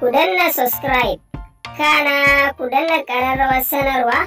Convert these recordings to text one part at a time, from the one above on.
ku danna subscribe kana ku danna ƙararrawar sanarwa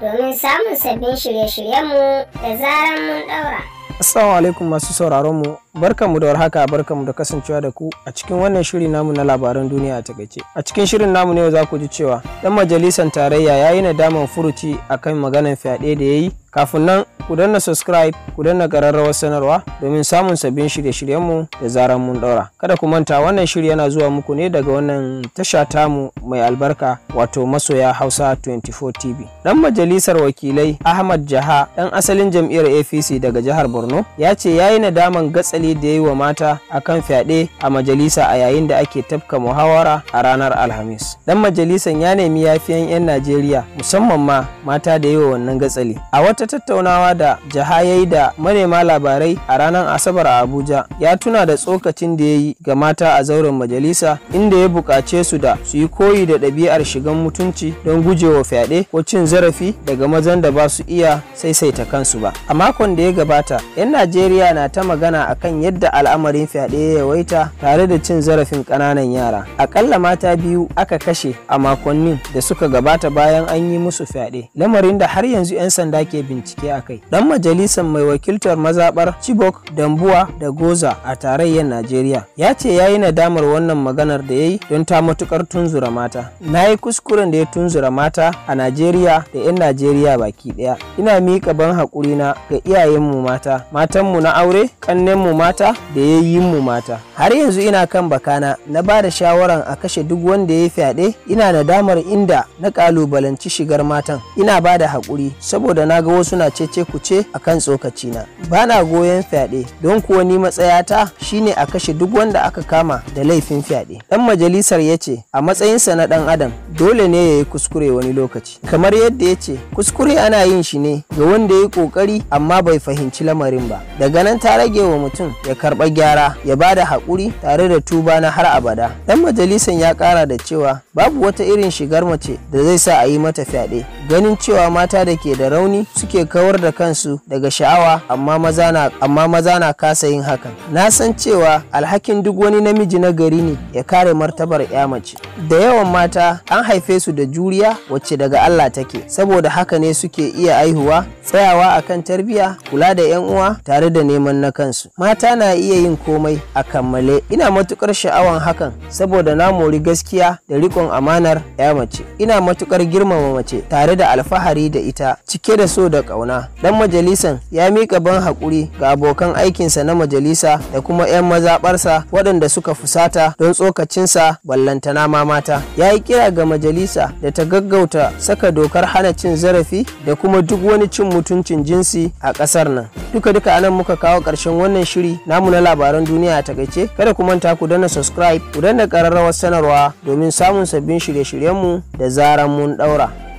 domin samun sabbin shirye-shiryenmu da zarar mun ɗaura. Assalamu alaikum masu sauraron mu barkanmu da warhaka barkanmu da kasancewa da ku a cikin wannan shiri namu na labaran duniya a takaice. A cikin shirin namu ne za ku ji cewa dan majalisar tarayya yayi yi nadaman furuci akan maganar fyaɗe da yayi Kafin nan ku danna subscribe ku danna ƙararrawar sanarwa domin samun sabbin shirye-shiryenmu da zaran mun daura Kada ku manta wannan shiri yana zuwa muku ne daga wannan tasha mu mai albarka wato masoya Hausa 24 TV. Dan majalisar wakilai Ahmad Jaha ɗan asalin jam'iyyar APC daga jihar Borno ya ce ya yi nadaman gatsali da ya yi wa mata a kan fyaɗe a majalisa a yayin da ake tafka muhawara a ranar Alhamis. Dan majalisan ya nemi yafiyan 'yan Najeriya musamman ma mata da yi wa wannan gatsali. A wata ta tattaunawa da jahayai da manema labarai a ranar Asabar a Abuja ya tuna da tsokacin da ya yi ga mata a zauren majalisa inda ya buƙace su da su yi koyi da ɗabi'ar shigan mutunci don gujewa fyaɗe ko cin zarafi daga mazan da ba su iya saisaita kansu ba. A makon da ya gabata, 'yan Najeriya na ta magana akan yadda al'amarin fyaɗe ya yawaita tare da cin zarafin ƙananan yara. Aƙalla mata biyu aka kashe a makonnin da suka gabata bayan an yi musu fyaɗe, lamarin da har yanzu 'yan sanda ke bincike a kai dan majalisar mai wakiltar mazaɓar chibok dambuwa da goza a tarayyar najeriya ya ce ya yi nadamar wannan maganar da ya yi don ta matukar tunzura mata na yi kuskuren da ya tunzura mata a najeriya da 'yan najeriya baki ɗaya ina miƙa ban na ga iyayenmu mata matanmu na aure kannenmu mata da yayyinmu mata har yanzu ina kan bakana na ba da shawaran a kashe duk wanda ya yi fyaɗe ina nadamar inda na ƙalubalanci shigar matan ina ba da haƙuri saboda na ga wasu suna cece ku ce a kan tsokaci na ba na goyon fyaɗe don kuwa ni matsayata shine a kashe duk wanda aka kama da laifin fyaɗe Ɗan majalisar ya ce a matsayinsa na ɗan adam dole ne ya yi kuskure wani lokaci kamar yadda ya ce kuskure ana yin shi ne ga wanda ya yi kokari amma bai fahimci lamarin ba daga nan ta rage wa mutum ya karɓa gyara ya ba da haƙuri tare da tuba na har abada Ɗan majalisar ya ƙara da cewa babu wata irin shigar mace da zai sa a yi mata fyaɗe ganin cewa mata da ke da rauni suke suke kawar da kansu daga sha'awa amma maza na kasa yin hakan na san cewa alhakin duk wani namiji na gari ne ya kare martabar ya mace da yawan mata an haife su da juriya wacce daga Allah take saboda haka ne suke iya aihuwa tsayawa akan tarbiya kula da yan uwa tare da neman na kansu mata na iya yin komai a kammale ina matukar sha'awan hakan saboda na mori gaskiya da rikon amanar ya mace ina matukar girmama mace tare da alfahari da ita cike da so da ƙauna. Dan majalisan ya mika ban hakuri ga abokan aikinsa na majalisa da kuma 'yan mazaɓarsa waɗanda suka fusata don tsokacinsa ballantana ma mata. Ya yi kira ga majalisa da ta gaggauta saka dokar hana cin zarafi da kuma duk wani cin mutuncin jinsi a ƙasar nan. Duka-duka anan muka kawo ƙarshen wannan shiri namu na labaran duniya ta takaice kada ku manta ku danna subscribe ku danna ƙararrawar sanarwa domin samun sabbin shirye-shiryenmu da zaran mun ɗaura.